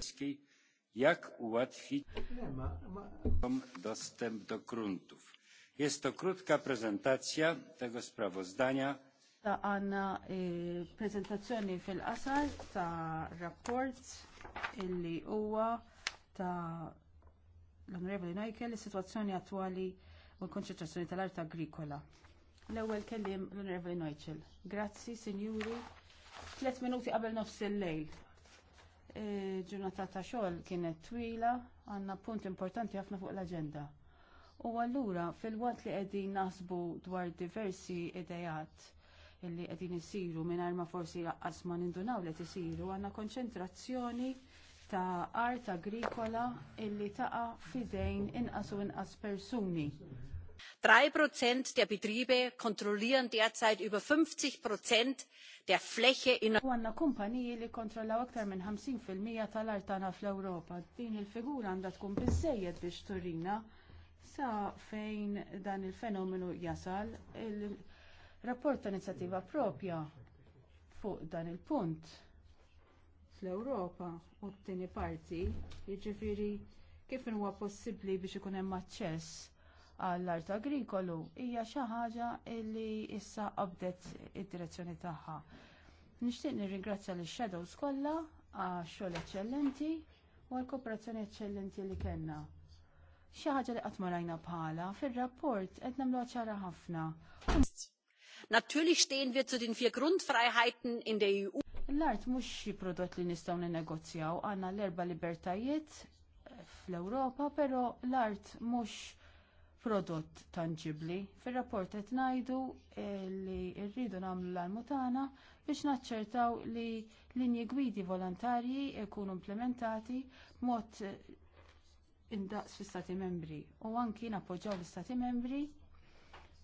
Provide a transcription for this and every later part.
Kif jak ułatwić dostęp do gruntów. Jest to krótka prezentacja tego sprawozdania. Ta għanna prezentazzjoni fil-qasar ta' rapport illi huwa ta' l-Onorevoli Najkel is-sitwazzjoni attwali u l-konċentrazzjoni tal-art agrikola. L-ewwel kellim l-Onorevoli Najkel. Grazzi, Sinjuri. Tliet minuti qabel nofs il-lejl E, ġurnata ta' xogħol kienet twila, għandna punt importanti ħafna fuq l-aġenda. U allura fil-waqt li qegħdin naħsbu dwar diversi idejat illi qegħdin isiru mingħajr ma forsi laqqas ma nindunaw li tisiru għandna konċentrazzjoni ta' art agrikola illi taqa' fidejn inqas u inqas persuni drei Prozent der Betriebe kontrollieren derzeit über 50 Prozent der Fläche in Għanna kumpaniji li kontrollaw aktar minn 50% tal artana fl-Ewropa. Din il-figura għandha tkun bizzejed biex turina sa fejn dan il-fenomenu jasal il-rapport ta' inizjattiva propja fuq dan il-punt fl-Ewropa u t-tieni parti, jiġifieri kif huwa possibbli biex ikun hemm aċċess għall-art agrikolu hija xi ħaġa li issa qabdet id-direzzjoni tagħha. Nixtieq nirringrazzja lix shadows kollha għax-xogħol eċċellenti u għall-kooperazzjoni eċċellenti li kellna. Xi ħaġa li qatt ma rajna bħala fir-rapport qed nagħmluha ċara ħafna. Natürlich stehen wir zu den vier Grundfreiheiten in der EU. L-art mhux xi prodott li nistgħu ninnegozjaw għandna l-erba' libertajiet fl-Ewropa, però l-art mhux prodott tangibli. Fir-rapport qed ngħidu eh, li rridu nagħmlu l-almutana biex naċċertaw li linji gwidi volontarji jkunu implementati b'mod eh, indaqs fi stati membri u anki nappoġġaw l-istati membri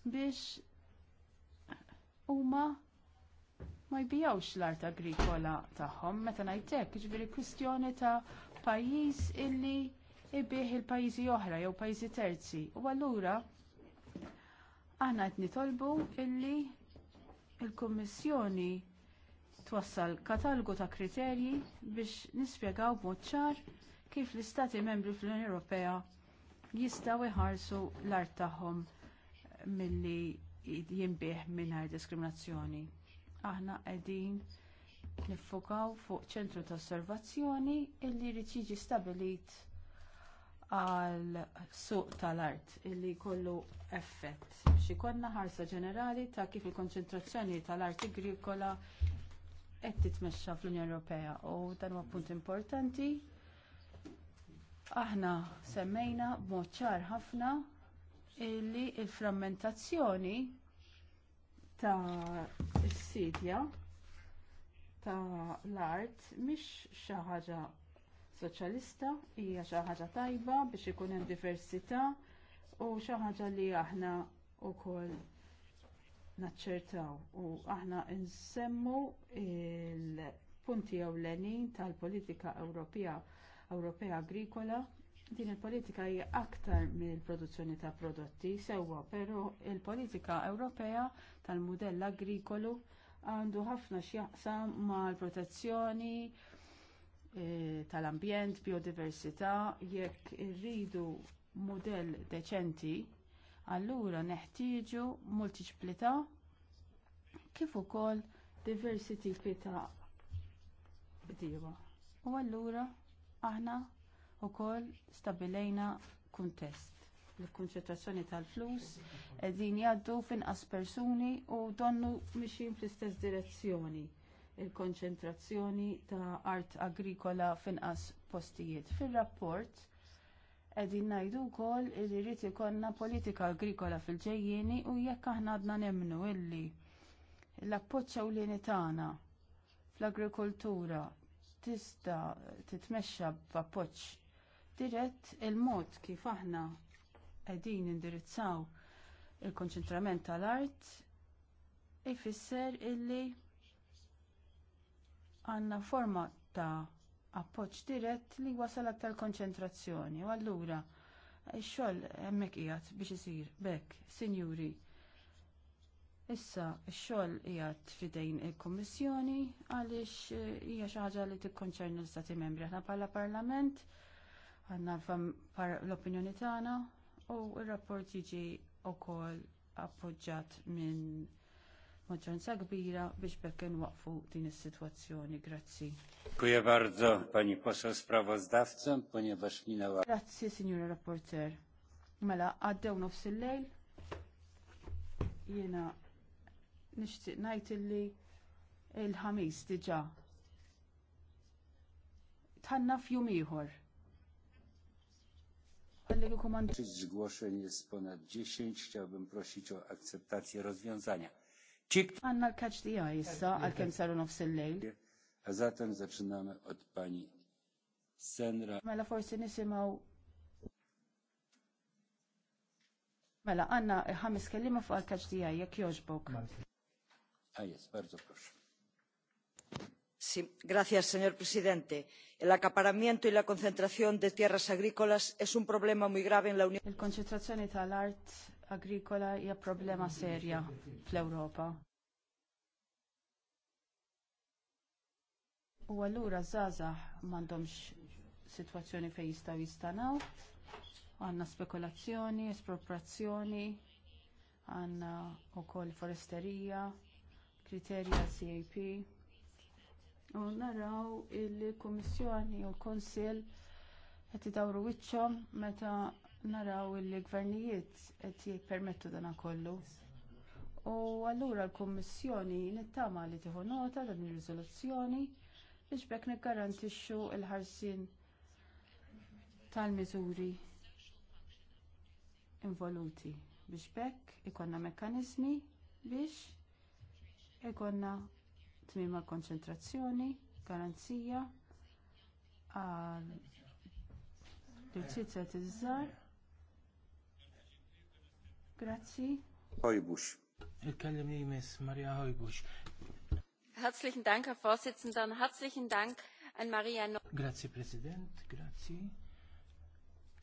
biex huma ma jbijawx l-art agrikola tagħhom meta ngħidlek, jiġifieri kwistjoni ta' pajjiż illi ibih il-pajjiżi oħra jew pajjiżi terzi. U allura aħna qed nitolbu illi l il kummissjoni twassal katalgu ta' kriterji biex nispjegaw b'mod ċar kif l-Istati membri fl-Unjoni Ewropea jistgħu iħarsu l-art tagħhom milli jinbih mingħajr diskriminazzjoni. Aħna qegħdin niffukaw fuq ċentru ta' osservazzjoni illi jrid jiġi stabilit għal suq tal-art illi jkollu effett. Biex ħarsa ġenerali ta' kif il-konċentrazzjoni tal-art agrikola qed titmexxa fl-Unjoni Ewropea u dan huwa punt importanti. Aħna semmejna b'mod ċar ħafna illi l il frammentazzjoni ta' sidja ta' l-art mhix xi ħaġa soċjalista hija xi ħaġa tajba biex ikun hemm diversità u xi ħaġa li aħna wkoll naċċertaw u aħna nsemmu il-punti ewlenin tal-politika Ewropea Ewropea Agrikola din il-politika hija aktar mill-produzzjoni ta' prodotti sewwa, però l politika Ewropea tal-mudell agrikolu għandu ħafna x'jaqsam mal-protezzjoni E, tal-ambjent, biodiversità, jekk irridu mudell deċenti, allura neħtieġu multiċplità kif ukoll diversi tipi ta' bdiewa. U allura aħna wkoll stabilejna kuntest l-konċentrazzjoni tal-flus qegħdin jgħaddu finqas persuni u donnu mixin fl-istess direzzjoni il-konċentrazzjoni ta' art agrikola finqas postijiet. Fil-rapport qegħdin ngħidu wkoll li rrid ikollna politika agrikola fil-ġejjieni u jekk aħna għadna nemnu illi l appoġġ ewlieni tagħna fl-agrikoltura tista titmexxa b'appoġġ dirett il-mod kif aħna qegħdin indirizzaw il-konċentrament tal-art ifisser illi għandna forma ta' appoġġ dirett li wasal aktar konċentrazzjoni. U allura ix-xogħol hemmhekk qiegħed biex isir bekk, sinjuri. Issa, x-xogħol qiegħed fidejn il-Kummissjoni għaliex eh, hija xi ħaġa li tikkonċerni l-Stati Membri. Aħna bħala Parlament għandna l-opinjoni tagħna u r-rapport jiġi wkoll appoġġjat minn maġġoranza kbira biex bekken waqfu din is-sitwazzjoni. Grazzi. Dziękuję bardzo pani poseł sprawozdawcę, ponieważ minęła. Grazzi signora rapporter. Mela għaddew nofs il-lejl. Jiena nixtieq ngħid illi il-ħamis diġa. tħanna f'jum ieħor. Zgłoszeń jest ponad 10. Chciałbym prosić o akceptację rozwiązania. Ċik. Għanna l-kaċ di issa, għal-kem saru nofs il-lejl. Għazatem zaċiname od pani Senra. Mela forsi nisimaw. Mela, għanna ħames kellima fuq għal-kaċ di jek joġbok. Għajes, ah, bardzo proszę. Sí, gracias, señor presidente el acaparamiento y la concentración de tierras agrícolas es un problema muy grave en la unión. il-konċentrazzjoni tal-art agrikola hija problema serja fl-Ewropa. U allura żgħażagħ m'għandhomx sitwazzjoni fejn jistgħu jistanaw, għandna spekulazzjoni, espropriazzjoni, għandna wkoll foresterija, kriterja CAP. U naraw il-Kummissjoni u l-Konsil qed idawru wiċċhom meta naraw li gvernijiet qed jippermettu dan kollu. U allura l-Kummissjoni nittama li tieħu nota dan ir-riżoluzzjoni biex bekk niggarantixxu l-ħarsien tal-miżuri involuti biex bekk ikonna mekkaniżmi biex ikonna tmiem għall konċentrazzjoni, garanzija għal l-ċizzet iż-żar Grazzi. Hojbux. Il-kellim li Hojbux. Herzlichen Dank, Herr Vorsitzender, und herzlichen Dank an Maria Grazie, Grazzi, President,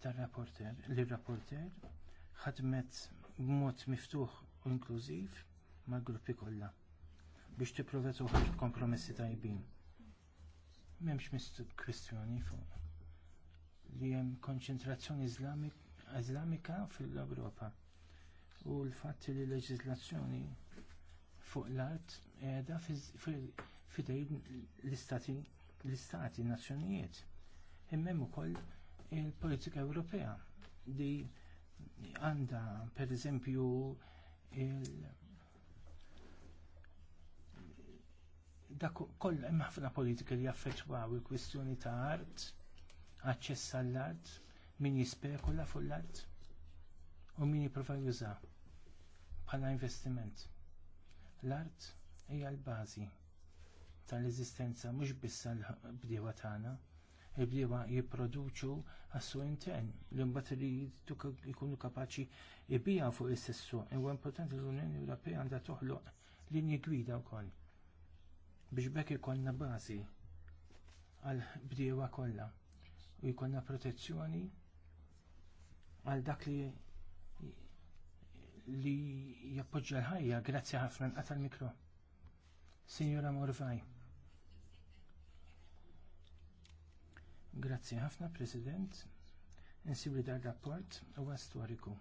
Der Rapporteur, rapporter Rapporteur, hat mit Mut miftuħ u inklusiv mal gruppi kollha biex tipprova toħroġ kompromessi tajbin. M'hemmx mistu kwistjoni fuq li hemm konċentrazzjoni Islamika fil europa u l-fatt li l-leġizlazzjoni fuq l-art qiegħda fidejn l-istati l-istati nazzjonijiet. Immem ukoll il-politika Ewropea li għandha pereżempju il- koll hemm ħafna politika li jaffettwaw il-kwistjoni ta' art, aċċess għall-art, min jispekula fuq l-art u min jipprova jużaw bħala investiment. L-art hija l-bażi tal-eżistenza mhux biss l-bdiewa tagħna, il-bdiewa jipproduċu għassu intern li mbagħad li jkunu kapaċi jbijaw fuq is-sessu. Huwa importanti l-Unjoni Ewropea għandha toħloq linji gwida wkoll biex bekk ikollna bażi għal bdiewa kollha u jkollna protezzjoni għal dak li li jappoġġa l-ħajja, grazzi ħafna għata l-mikro. Signora Morvaj. Grazzi ħafna, President. Insib dar rapport huwa storiku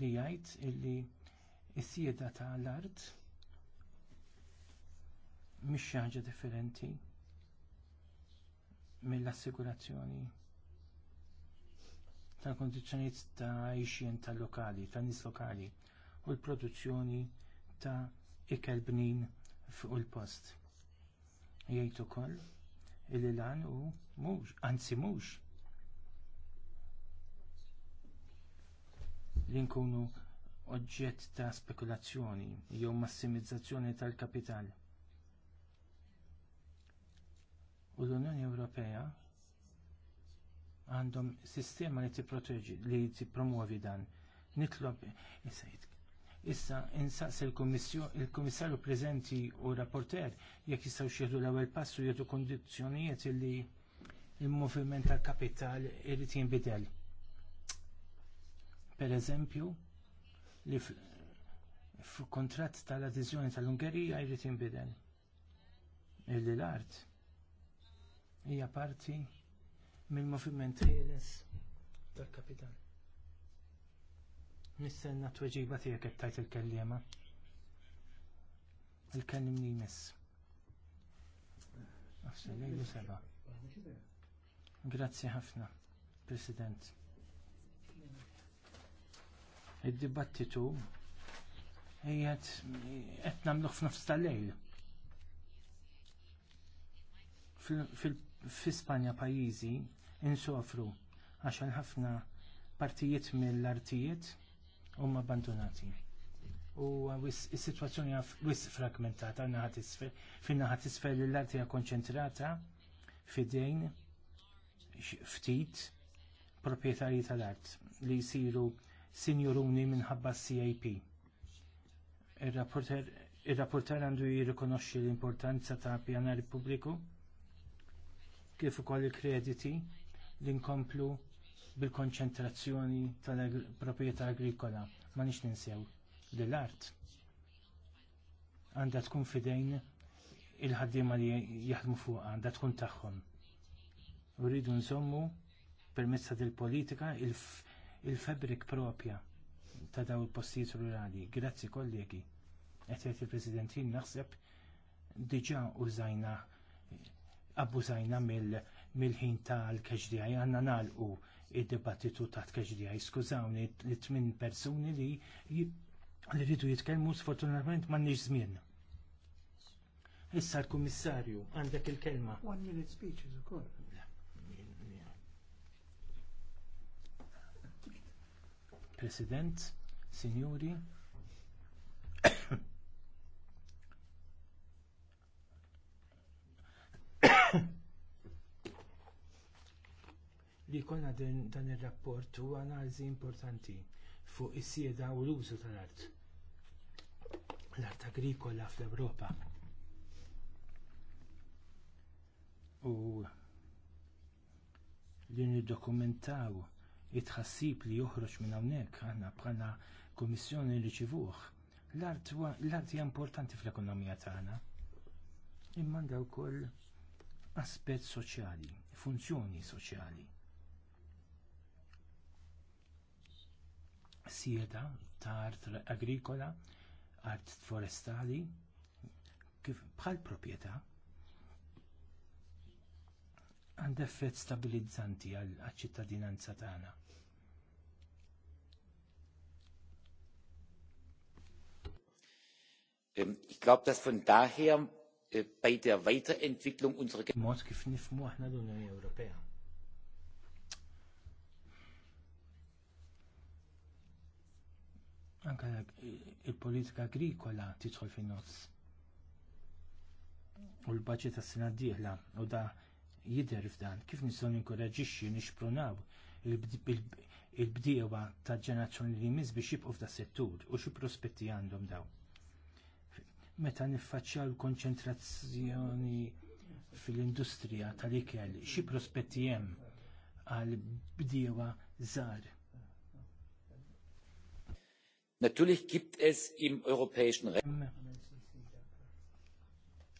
li jgħid illi s-sieda tal-art mhix xi ħaġa differenti mill-assigurazzjoni tal kundizzjonijiet ta' għajxien tal lokali, ta' nis lokali u l-produzzjoni ta' ikel bnin fuq il-post. Jgħid ukoll il lan u mhux, anzi mhux. Li nkunu oġġett ta' spekulazzjoni jew massimizzazzjoni tal-kapital. U l-Unjoni Ewropea għandhom sistema li tipproteġi li tippromuovi dan. Nitlob issa Issa insaqs il-Kummissarju preżenti u rapporter jekk jistgħu xieħdu l-ewwel passu jagħtu kundizzjonijiet li l moviment tal-kapital irid jinbidel. Pereżempju, li f'kuntratt tal-adeżjoni tal-Ungerija jrid jinbidel. Illi l-art hija parti mill-moviment ħieles tal-kapitan. Nistenna tweġiba tiegħek qed tajt il-kellima. Il-kellimni jmiss. Afsalejlu seba. Grazzi ħafna, President. Id-dibattitu ejjed qed nagħmluh f'nofs tal-lejl fil-Spanja pajjiżi insofru għaxan ħafna partijiet mill-artijiet huma abbandonati. U s-situazzjoni wis fragmentata fin-naħat isfel l art hija konċentrata fidejn ftit proprjetarji tal-art li jsiru sinjuruni minħabba CIP. Ir-rapporter għandu jirrikonoxxi l-importanza ta' pjanar pubbliku kif ukoll il-krediti li nkomplu bil-konċentrazzjoni tal-proprjetà agrikola. Ma nix ninsew li l-art għandha tkun fidejn il-ħaddiema li jaħdmu fuqha għandha tkun tagħhom. Uridu nżommu permezz ta' dil-politika il-fabrik propja ta' daw il-postijiet rurali. Grazzi kollegi. Qed il-Presidentin naħseb diġà użajna abbużajna mill- mill-ħin tal-KHDI għandna nagħlqu id-dibattitu taħt KHDI. Skużawni, li tmien persuni li li rridu jitkellmu sfortunatament m'għandniex żmien. Issa l-Kummissarju għandek il-kelma. One minute ukoll. President, Signori, li jkollna dan ir rapport huwa analiżi importanti fuq is-sieda u l-użu tal-art. L-art agrikola fl-Ewropa. U li niddokumentaw it-tħassib li joħroġ minn hawnhekk aħna bħala kummissjoni riċivuh. L-art hija importanti fl-ekonomija tagħna. Imma wkoll aspett soċjali, funzjoni soċjali. sieda ta' art agrikola, art forestali, kif bħal proprjetà għandha effett stabilizzanti għal ċittadinanza tagħna. Ähm, ich glaube, dass von daher äh, bei der Weiterentwicklung unserer anka il-politika agrikola tidħol fin nofs. U l baġit tas sena d-dieħla u da jidher f'dan kif nistgħu ninkoraġixxi nixpronaw il-bdiewa ta' ġenerazzjoni li jmiss biex jibqgħu f'da settur u xi prospetti għandhom daw. Meta niffaċċjaw l-konċentrazzjoni fil-industrija tal-ikel, xi prospetti hemm għal bdiewa żgħar Natürlich gibt es im europäischen Recht.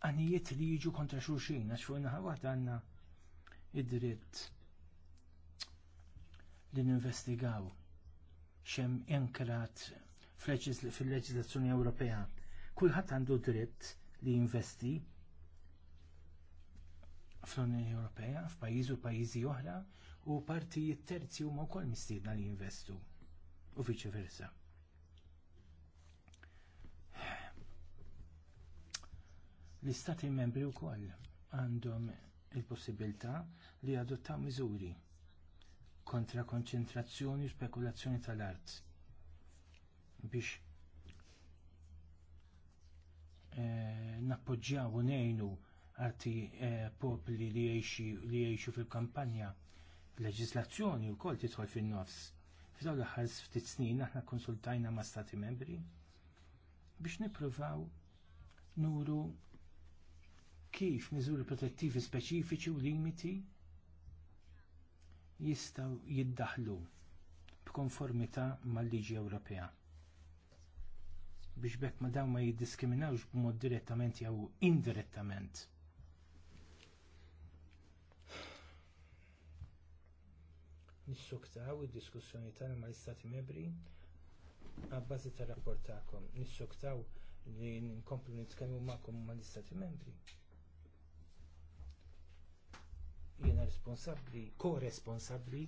Għanijiet li jiġu kontra xulxin, għax fuq naħa waħda għandna id-dritt li ninvestigaw xem inkrat fil-leġislazzjoni Ewropea. Kulħadd għandu dritt li jinvesti fl-Unjoni Ewropea, f'pajjiż u pajjiżi oħra, u partijiet terzi huma wkoll mistiedna li jinvestu u viċi versa. L-istati membri wkoll għandhom il-possibilità li adottaw miżuri kontra konċentrazzjoni u spekulazzjoni tal-art biex e, nappoġġjaw u ngħinu arti e, popli li jgħixu fil-kampanja leġiżlazzjoni wkoll tidħol fin-nofs. F'dawn l-aħħar ftit snin aħna konsultajna ma' stati membri biex nippruvaw nuru kif miżuri protettivi speċifiċi u limiti jistgħu jiddaħħlu b'konformità mal-liġi Ewropea. Biex bekk ma dawn ma jiddiskriminawx b'mod direttament jew indirettament. Nissuktaw id-diskussjoni tagħna mal-Istati Membri għabbażi tar-rapport tagħkom. Nissuktaw li nkomplu nitkellmu magħkom mal-Istati Membri jiena ko-responsabbli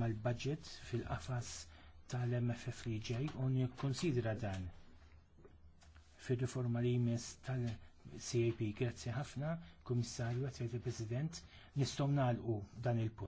mal-budget fil-qafas tal-MFF li ġej u nikkonsidra dan fir-riforma li jmiss tal-CAP. Grazzi ħafna, Kummissarju, għazzi President, nistgħu nagħlqu dan il-punt.